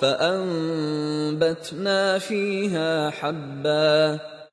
فأنبتنا فيها حبًّا